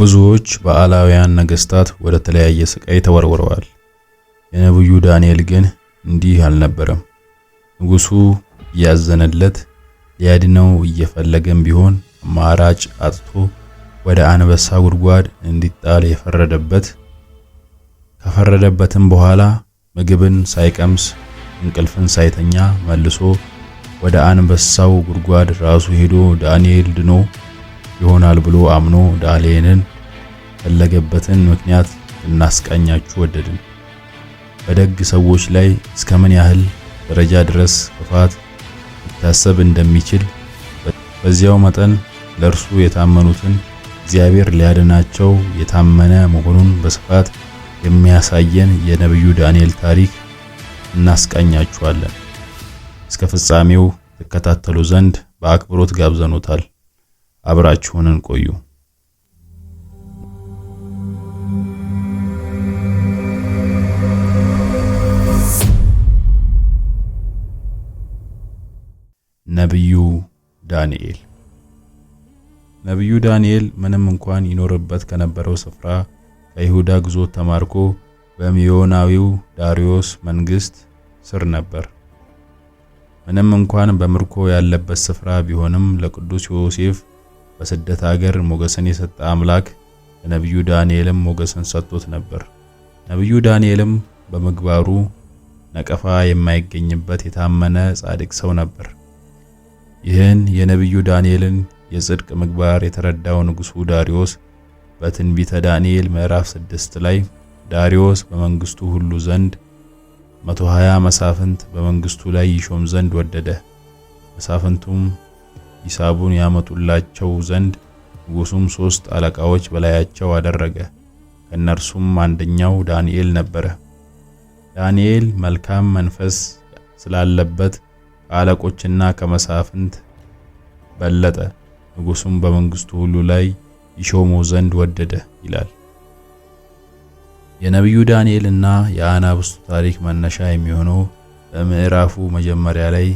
ብዙዎች በዓላውያን ነገሥታት ወደ ተለያየ ስቃይ ተወርውረዋል። የነብዩ ዳንኤል ግን እንዲህ አልነበረም። ንጉሡ እያዘነለት ሊያድነው እየፈለገም ቢሆን አማራጭ አጥቶ ወደ አንበሳ ጉድጓድ እንዲጣል የፈረደበት ከፈረደበትም በኋላ ምግብን ሳይቀምስ እንቅልፍን ሳይተኛ መልሶ ወደ አንበሳው ጉድጓድ ራሱ ሄዶ ዳንኤል ድኖ ይሆናል ብሎ አምኖ ዳሌንን ፈለገበትን ምክንያት እናስቃኛችሁ ወደድን። በደግ ሰዎች ላይ እስከ ምን ያህል ደረጃ ድረስ ክፋት ሊታሰብ እንደሚችል በዚያው መጠን ለእርሱ የታመኑትን እግዚአብሔር ሊያድናቸው የታመነ መሆኑን በስፋት የሚያሳየን የነብዩ ዳንኤል ታሪክ እናስቃኛችኋለን። እስከ ፍጻሜው ተከታተሉ ዘንድ በአክብሮት ጋብዘኖታል። አብራችሁንን ቆዩ። ነቢዩ ዳንኤል ነቢዩ ዳንኤል ምንም እንኳን ይኖርበት ከነበረው ስፍራ ከይሁዳ ግዞት ተማርኮ በሚዮናዊው ዳሪዮስ መንግስት ስር ነበር። ምንም እንኳን በምርኮ ያለበት ስፍራ ቢሆንም ለቅዱስ ዮሴፍ በስደት አገር ሞገስን የሰጠ አምላክ ለነቢዩ ዳንኤልም ሞገስን ሰጥቶት ነበር። ነቢዩ ዳንኤልም በምግባሩ ነቀፋ የማይገኝበት የታመነ ጻድቅ ሰው ነበር። ይህን የነቢዩ ዳንኤልን የጽድቅ ምግባር የተረዳው ንጉሡ ዳሪዮስ በትንቢተ ዳንኤል ምዕራፍ 6 ላይ ዳሪዮስ በመንግስቱ ሁሉ ዘንድ 120 መሳፍንት በመንግስቱ ላይ ይሾም ዘንድ ወደደ። መሳፍንቱም ሂሳቡን ያመጡላቸው ዘንድ ንጉሱም ሶስት አለቃዎች በላያቸው አደረገ። ከእነርሱም አንደኛው ዳንኤል ነበረ። ዳንኤል መልካም መንፈስ ስላለበት ከአለቆችና ከመሳፍንት በለጠ። ንጉሱም በመንግስቱ ሁሉ ላይ ይሾመው ዘንድ ወደደ ይላል። የነቢዩ ዳንኤል እና የአናብስቱ ታሪክ መነሻ የሚሆነው በምዕራፉ መጀመሪያ ላይ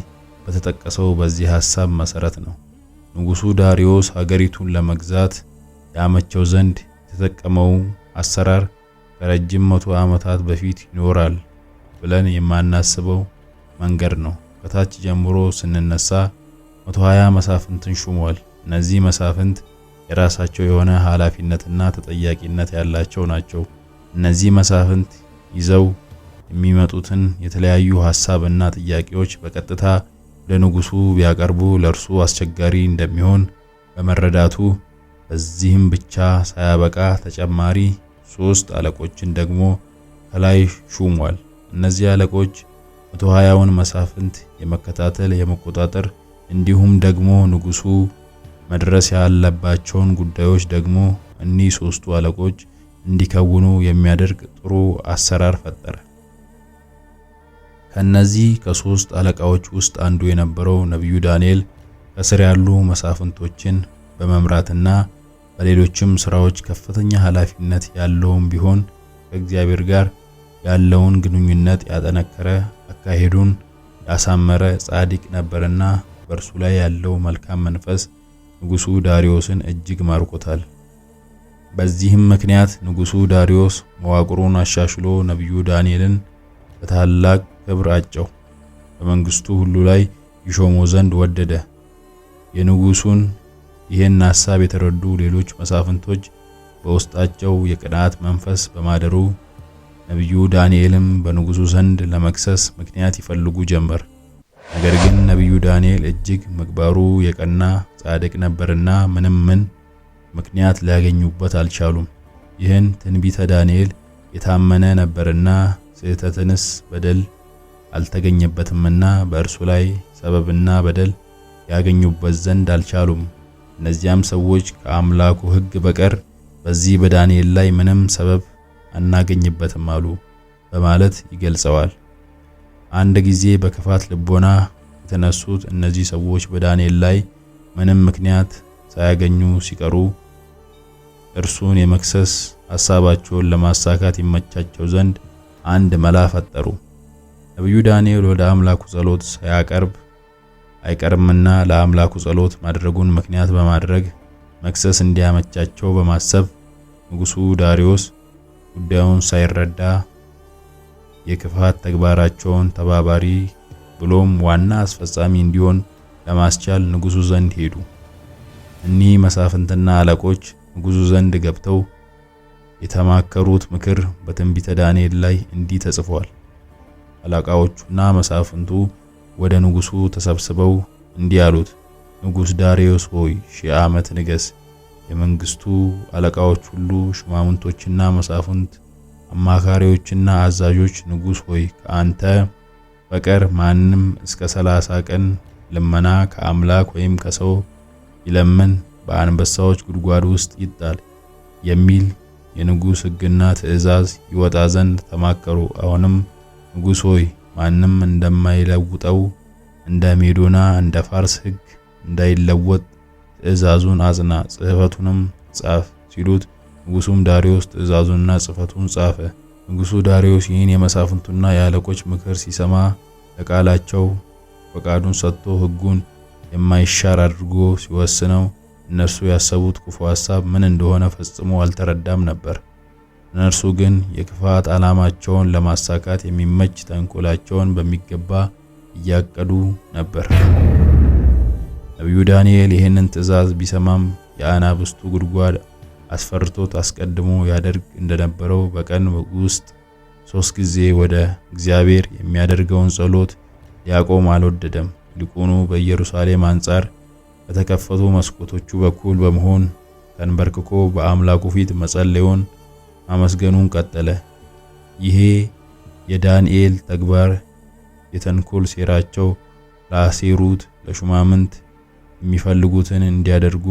በተጠቀሰው በዚህ ሐሳብ መሰረት ነው ንጉሱ ዳሪዮስ ሀገሪቱን ለመግዛት ያመቸው ዘንድ የተጠቀመው አሰራር ከረጅም መቶ ዓመታት በፊት ይኖራል ብለን የማናስበው መንገድ ነው። ከታች ጀምሮ ስንነሳ 120 መሳፍንትን ሹሟል። እነዚህ መሳፍንት የራሳቸው የሆነ ኃላፊነትና ተጠያቂነት ያላቸው ናቸው። እነዚህ መሳፍንት ይዘው የሚመጡትን የተለያዩ እና ጥያቄዎች በቀጥታ ለንጉሱ ቢያቀርቡ ለእርሱ አስቸጋሪ እንደሚሆን በመረዳቱ በዚህም ብቻ ሳያበቃ ተጨማሪ ሶስት አለቆችን ደግሞ ከላይ ሹሟል። እነዚህ አለቆች መቶ ውን መሳፍንት የመከታተል የመቆጣጠር እንዲሁም ደግሞ ንጉሱ መድረስ ያለባቸውን ጉዳዮች ደግሞ እኒህ ሶስቱ አለቆች እንዲከውኑ የሚያደርግ ጥሩ አሰራር ፈጠረ። ከእነዚህ ከሶስት አለቃዎች ውስጥ አንዱ የነበረው ነቢዩ ዳንኤል ከስር ያሉ መሳፍንቶችን በመምራትና በሌሎችም ስራዎች ከፍተኛ ኃላፊነት ያለውም ቢሆን ከእግዚአብሔር ጋር ያለውን ግንኙነት ያጠነከረ አካሄዱን ያሳመረ ጻድቅ ነበርና በእርሱ ላይ ያለው መልካም መንፈስ ንጉሱ ዳሪዮስን እጅግ ማርኮታል። በዚህም ምክንያት ንጉሱ ዳሪዮስ መዋቅሩን አሻሽሎ ነቢዩ ዳንኤልን በታላቅ ክብር አጨው። በመንግስቱ ሁሉ ላይ ይሾሞ ዘንድ ወደደ። የንጉሱን ይህን ሐሳብ የተረዱ ሌሎች መሳፍንቶች በውስጣቸው የቅናት መንፈስ በማደሩ ነቢዩ ዳንኤልም በንጉሱ ዘንድ ለመክሰስ ምክንያት ይፈልጉ ጀመር። ነገር ግን ነቢዩ ዳንኤል እጅግ ምግባሩ የቀና ጻድቅ ነበርና ምንም ምን ምክንያት ሊያገኙበት አልቻሉም። ይህን ትንቢተ ዳንኤል የታመነ ነበርና ስህተትንስ በደል አልተገኘበትምና በእርሱ ላይ ሰበብና በደል ያገኙበት ዘንድ አልቻሉም። እነዚያም ሰዎች ከአምላኩ ሕግ በቀር በዚህ በዳንኤል ላይ ምንም ሰበብ አናገኝበትም አሉ በማለት ይገልጸዋል። አንድ ጊዜ በክፋት ልቦና የተነሱት እነዚህ ሰዎች በዳንኤል ላይ ምንም ምክንያት ሳያገኙ ሲቀሩ እርሱን የመክሰስ ሐሳባቸውን ለማሳካት ይመቻቸው ዘንድ አንድ መላ ፈጠሩ። ነቢዩ ዳንኤል ወደ አምላኩ ጸሎት ሳያቀርብ አይቀርምና ለአምላኩ ጸሎት ማድረጉን ምክንያት በማድረግ መክሰስ እንዲያመቻቸው በማሰብ ንጉሱ ዳሪዮስ ጉዳዩን ሳይረዳ የክፋት ተግባራቸውን ተባባሪ ብሎም ዋና አስፈጻሚ እንዲሆን ለማስቻል ንጉሱ ዘንድ ሄዱ። እኒህ መሳፍንትና አለቆች ንጉሱ ዘንድ ገብተው የተማከሩት ምክር በትንቢተ ዳንኤል ላይ እንዲህ ተጽፏል። አለቃዎቹና መሳፍንቱ ወደ ንጉሱ ተሰብስበው እንዲህ አሉት፣ ዳሪዮስ ዳርዮስ ሆይ ሺህ ዓመት ንገስ። የመንግስቱ አለቃዎች ሁሉ ሹማምንቶችና መሳፍንት፣ አማካሪዎችና አዛዦች ንጉስ ሆይ ከአንተ በቀር ማንም እስከ ሰላሳ ቀን ልመና ከአምላክ ወይም ከሰው ይለምን በአንበሳዎች ጉድጓድ ውስጥ ይጣል የሚል የንጉስ ሕግና ትእዛዝ ይወጣ ዘንድ ተማከሩ። አሁንም ንጉሥ ሆይ ማንም እንደማይለውጠው እንደ ሜዶና እንደ ፋርስ ሕግ እንዳይለወጥ ትእዛዙን አጽና፣ ጽሕፈቱንም ጻፍ ሲሉት ንጉሡም ዳሪዮስ ትእዛዙንና ጽሕፈቱን ጻፈ። ንጉሡ ዳሪዮስ ይህን የመሳፍንቱና የአለቆች ምክር ሲሰማ ለቃላቸው ፈቃዱን ሰጥቶ ሕጉን የማይሻር አድርጎ ሲወስነው እነርሱ ያሰቡት ክፉ ሐሳብ ምን እንደሆነ ፈጽሞ አልተረዳም ነበር። እነርሱ ግን የክፋት ዓላማቸውን ለማሳካት የሚመች ተንኮላቸውን በሚገባ እያቀዱ ነበር። ነቢዩ ዳንኤል ይህንን ትእዛዝ ቢሰማም የአናብስቱ ጉድጓድ አስፈርቶት አስቀድሞ ያደርግ እንደነበረው በቀን ውስጥ ሶስት ጊዜ ወደ እግዚአብሔር የሚያደርገውን ጸሎት ሊያቆም አልወደደም። ይልቁኑ በኢየሩሳሌም አንጻር በተከፈቱ መስኮቶቹ በኩል በመሆን ተንበርክኮ በአምላኩ ፊት መጸለዩን ማመስገኑን ቀጠለ። ይሄ የዳንኤል ተግባር የተንኮል ሴራቸው ላሴሩት ለሹማምንት የሚፈልጉትን እንዲያደርጉ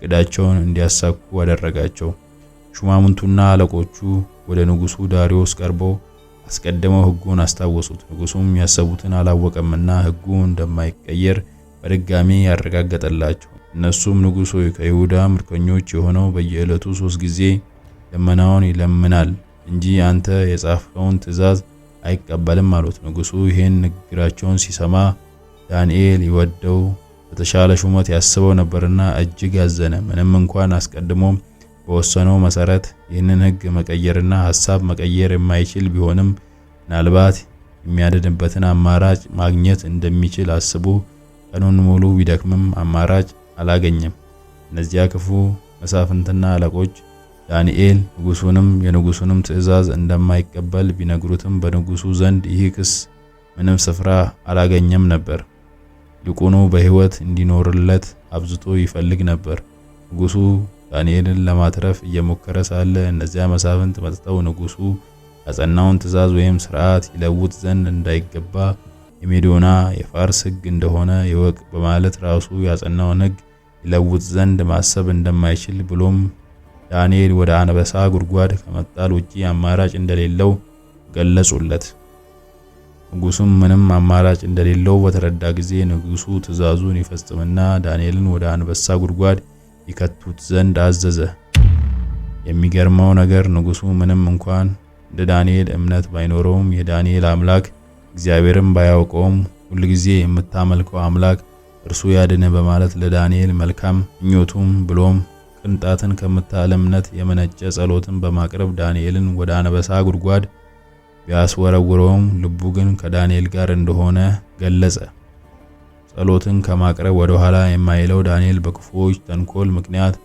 እቅዳቸውን እንዲያሳኩ አደረጋቸው። ሹማምንቱና አለቆቹ ወደ ንጉሱ ዳሪዮስ ቀርበው አስቀድመው ሕጉን አስታወሱት። ንጉሱም ያሰቡትን አላወቀምና ሕጉ እንደማይቀየር በድጋሚ ያረጋገጠላቸው። እነሱም ንጉሱ ከይሁዳ ምርኮኞች የሆነው በየዕለቱ ሶስት ጊዜ ልመናውን ይለምናል እንጂ አንተ የጻፍከውን ትእዛዝ አይቀበልም አሉት። ንጉሱ ይህን ንግግራቸውን ሲሰማ ዳንኤል ይወደው በተሻለ ሹመት ያስበው ነበርና እጅግ ያዘነ። ምንም እንኳን አስቀድሞ በወሰነው መሰረት ይህንን ሕግ መቀየርና ሀሳብ መቀየር የማይችል ቢሆንም ምናልባት የሚያድንበትን አማራጭ ማግኘት እንደሚችል አስቡ ቀኑን ሙሉ ቢደክምም አማራጭ አላገኘም። እነዚያ ክፉ መሳፍንትና አለቆች ዳንኤል ንጉሱንም የንጉሱንም ትእዛዝ እንደማይቀበል ቢነግሩትም በንጉሱ ዘንድ ይህ ክስ ምንም ስፍራ አላገኘም ነበር። ይልቁኑ በሕይወት እንዲኖርለት አብዝቶ ይፈልግ ነበር። ንጉሱ ዳንኤልን ለማትረፍ እየሞከረ ሳለ እነዚያ መሳፍንት መጥተው ንጉሱ ያጸናውን ትእዛዝ ወይም ስርዓት ይለውጥ ዘንድ እንዳይገባ የሜዶና የፋርስ ሕግ እንደሆነ ይወቅ በማለት ራሱ ያጸናውን ሕግ ይለውጥ ዘንድ ማሰብ እንደማይችል ብሎም ዳንኤል ወደ አንበሳ ጉድጓድ ከመጣል ውጪ አማራጭ እንደሌለው ገለጹለት። ንጉሱም ምንም አማራጭ እንደሌለው በተረዳ ጊዜ ንጉሱ ትዕዛዙን ይፈጽምና ዳንኤልን ወደ አንበሳ ጉድጓድ ይከቱት ዘንድ አዘዘ። የሚገርመው ነገር ንጉሱ ምንም እንኳን እንደ ዳንኤል እምነት ባይኖረውም የዳንኤል አምላክ እግዚአብሔርን ባያውቀውም ሁልጊዜ የምታመልከው አምላክ እርሱ ያድነ በማለት ለዳንኤል መልካም ምኞቱም ብሎም ቅንጣትን ከምታህል የመነጨ ጸሎትን በማቅረብ ዳንኤልን ወደ አነበሳ ጉድጓድ ቢያስወረውረውም ልቡ ግን ከዳንኤል ጋር እንደሆነ ገለጸ። ጸሎትን ከማቅረብ ወደ ኋላ የማይለው ዳንኤል በክፉዎች ተንኮል ምክንያት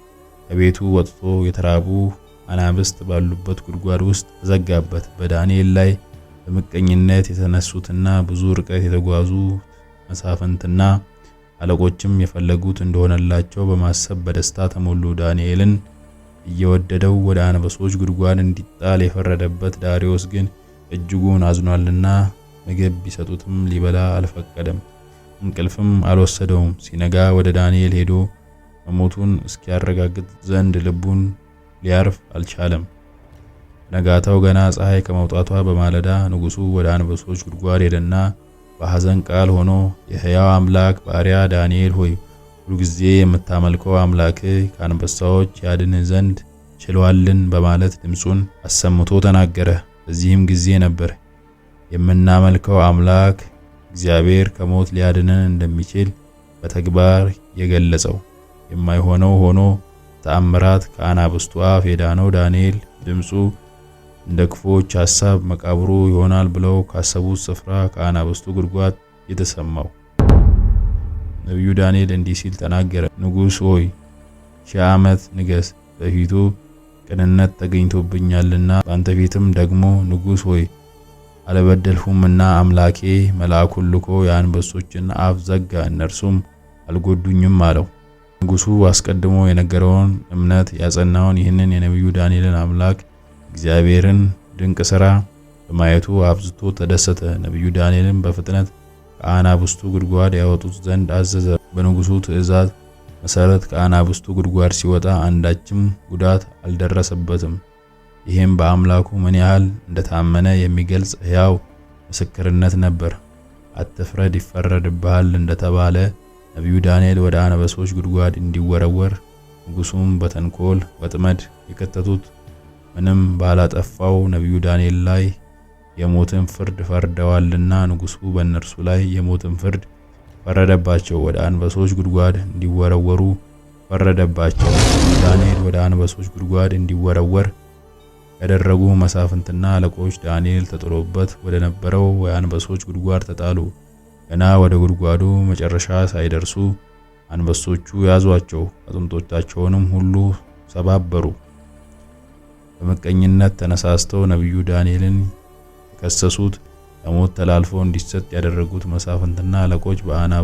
ከቤቱ ወጥቶ የተራቡ አናብስት ባሉበት ጉድጓድ ውስጥ ተዘጋበት። በዳንኤል ላይ በምቀኝነት የተነሱትና ብዙ ርቀት የተጓዙ መሳፍንትና አለቆችም የፈለጉት እንደሆነላቸው በማሰብ በደስታ ተሞሉ። ዳንኤልን እየወደደው ወደ አንበሶች ጉድጓድ እንዲጣል የፈረደበት ዳሪዎስ ግን እጅጉን አዝኗልና ምግብ ቢሰጡትም ሊበላ አልፈቀደም። እንቅልፍም አልወሰደውም። ሲነጋ ወደ ዳንኤል ሄዶ መሞቱን እስኪያረጋግጥ ዘንድ ልቡን ሊያርፍ አልቻለም። ነጋታው ገና ፀሐይ ከመውጣቷ በማለዳ ንጉሱ ወደ አንበሶች ጉድጓድ ሄደና በሐዘን ቃል ሆኖ የሕያው አምላክ ባሪያ ዳንኤል ሆይ ሁልጊዜ የምታመልከው አምላክ ከአንበሳዎች ያድን ዘንድ ችሏልን በማለት ድምፁን አሰምቶ ተናገረ። በዚህም ጊዜ ነበር የምናመልከው አምላክ እግዚአብሔር ከሞት ሊያድነን እንደሚችል በተግባር የገለጸው። የማይሆነው ሆኖ ተአምራት ከአናብስቱ አፍ የዳነው ዳንኤል ድምፁ እንደ ክፎች ሐሳብ መቃብሩ ይሆናል ብለው ካሰቡት ስፍራ ከአናብስቱ ጉድጓድ የተሰማው ነቢዩ ዳንኤል እንዲህ ሲል ተናገረ። ንጉሥ ሆይ ሺህ ዓመት ንገስ፣ በፊቱ ቅንነት ተገኝቶብኛልና፣ በአንተ ፊትም ደግሞ ንጉሥ ሆይ አልበደልሁምና አምላኬ መልአኩን ልኮ የአንበሶችን አፍ ዘጋ፣ እነርሱም አልጎዱኝም አለው። ንጉሡ አስቀድሞ የነገረውን እምነት ያጸናውን ይህንን የነቢዩ ዳንኤልን አምላክ የእግዚአብሔርን ድንቅ ሥራ በማየቱ አብዝቶ ተደሰተ። ነቢዩ ዳንኤልን በፍጥነት ከአናብስቱ ጉድጓድ ያወጡት ዘንድ አዘዘ። በንጉሱ ትእዛዝ መሰረት ከአናብስቱ ጉድጓድ ሲወጣ አንዳችም ጉዳት አልደረሰበትም። ይህም በአምላኩ ምን ያህል እንደታመነ የሚገልጽ ሕያው ምስክርነት ነበር። አትፍረድ ይፈረድብሃል እንደተባለ ነቢዩ ዳንኤል ወደ አነበሶች ጉድጓድ እንዲወረወር ንጉሱም በተንኮል ወጥመድ የከተቱት ምንም ባላጠፋው ነቢዩ ዳንኤል ላይ የሞትን ፍርድ ፈርደዋልና ንጉሱ በእነርሱ ላይ የሞትን ፍርድ ፈረደባቸው። ወደ አንበሶች ጉድጓድ እንዲወረወሩ ፈረደባቸው። ዳንኤል ወደ አንበሶች ጉድጓድ እንዲወረወር ያደረጉ መሳፍንትና አለቆች ዳንኤል ተጥሎበት ወደ ነበረው የአንበሶች ጉድጓድ ተጣሉ። ገና ወደ ጉድጓዱ መጨረሻ ሳይደርሱ አንበሶቹ ያዟቸው፣ አጥንቶቻቸውንም ሁሉ ሰባበሩ። በመቀኝነት ተነሳስተው ነቢዩ ዳንኤልን የከሰሱት ለሞት ተላልፎ እንዲሰጥ ያደረጉት መሳፍንትና አለቆች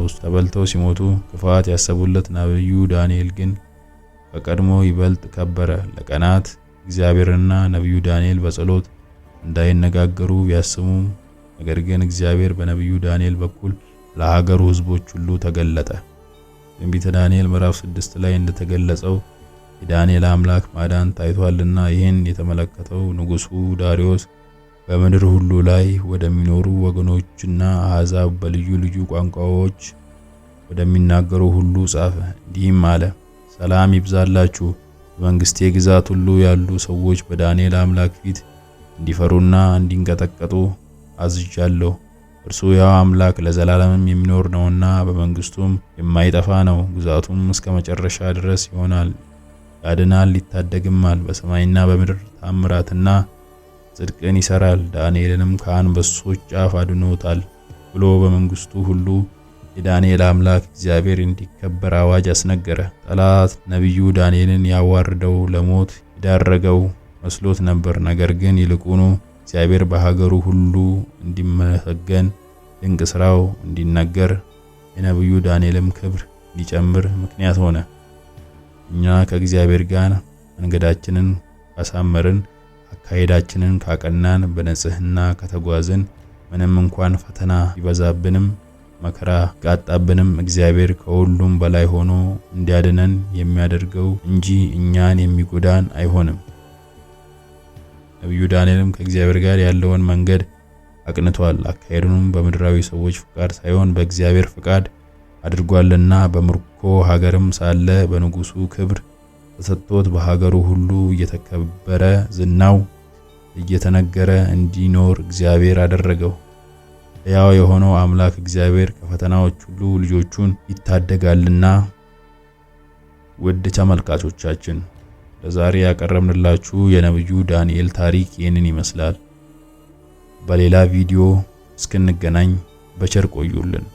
ውስጥ ተበልተው ሲሞቱ ክፋት ያሰቡለት ነቢዩ ዳንኤል ግን በቀድሞ ይበልጥ ከበረ። ለቀናት እግዚአብሔርና ነቢዩ ዳንኤል በጸሎት እንዳይነጋገሩ ቢያስሙም ነገር ግን እግዚአብሔር በነቢዩ ዳንኤል በኩል ለሀገሩ ሕዝቦች ሁሉ ተገለጠ። ትንቢተ ዳንኤል ምዕራፍ 6 ላይ እንደተገለጸው የዳንኤል አምላክ ማዳን ታይቷልና ይህን የተመለከተው ንጉሱ ዳሪዮስ በምድር ሁሉ ላይ ወደሚኖሩ ወገኖችና አሕዛብ በልዩ ልዩ ቋንቋዎች ወደሚናገሩ ሁሉ ጻፈ። እንዲህም አለ፣ ሰላም ይብዛላችሁ። በመንግስቴ ግዛት ሁሉ ያሉ ሰዎች በዳንኤል አምላክ ፊት እንዲፈሩና እንዲንቀጠቀጡ አዝዣለሁ። እርሱ ያው አምላክ ለዘላለምም የሚኖር ነውና በመንግስቱም የማይጠፋ ነው። ግዛቱም እስከ መጨረሻ ድረስ ይሆናል። ያድናል ይታደግማል። በሰማይና በምድር ታምራትና ጽድቅን ይሰራል። ዳንኤልንም ከአንበሶች ጫፍ አድኖታል ብሎ በመንግስቱ ሁሉ የዳንኤል አምላክ እግዚአብሔር እንዲከበር አዋጅ አስነገረ። ጠላት ነቢዩ ዳንኤልን ያዋርደው ለሞት የዳረገው መስሎት ነበር። ነገር ግን ይልቁኑ እግዚአብሔር በሀገሩ ሁሉ እንዲመሰገን ድንቅ ስራው እንዲነገር የነቢዩ ዳንኤልም ክብር እንዲጨምር ምክንያት ሆነ። እኛ ከእግዚአብሔር ጋር መንገዳችንን ካሳመርን፣ አካሄዳችንን ካቀናን፣ በንጽህና ከተጓዝን ምንም እንኳን ፈተና ቢበዛብንም መከራ ቃጣብንም እግዚአብሔር ከሁሉም በላይ ሆኖ እንዲያድነን የሚያደርገው እንጂ እኛን የሚጎዳን አይሆንም። ነቢዩ ዳንኤልም ከእግዚአብሔር ጋር ያለውን መንገድ አቅንቷል። አካሄዱንም በምድራዊ ሰዎች ፍቃድ ሳይሆን በእግዚአብሔር ፍቃድ አድርጓልና በምርኮ ሀገርም ሳለ በንጉሱ ክብር ተሰጥቶት በሀገሩ ሁሉ እየተከበረ ዝናው እየተነገረ እንዲኖር እግዚአብሔር አደረገው። ሕያው የሆነው አምላክ እግዚአብሔር ከፈተናዎች ሁሉ ልጆቹን ይታደጋልና። ውድ ተመልካቾቻችን ለዛሬ ያቀረብንላችሁ የነብዩ ዳንኤል ታሪክ ይህንን ይመስላል። በሌላ ቪዲዮ እስክንገናኝ በቸር ቆዩልን።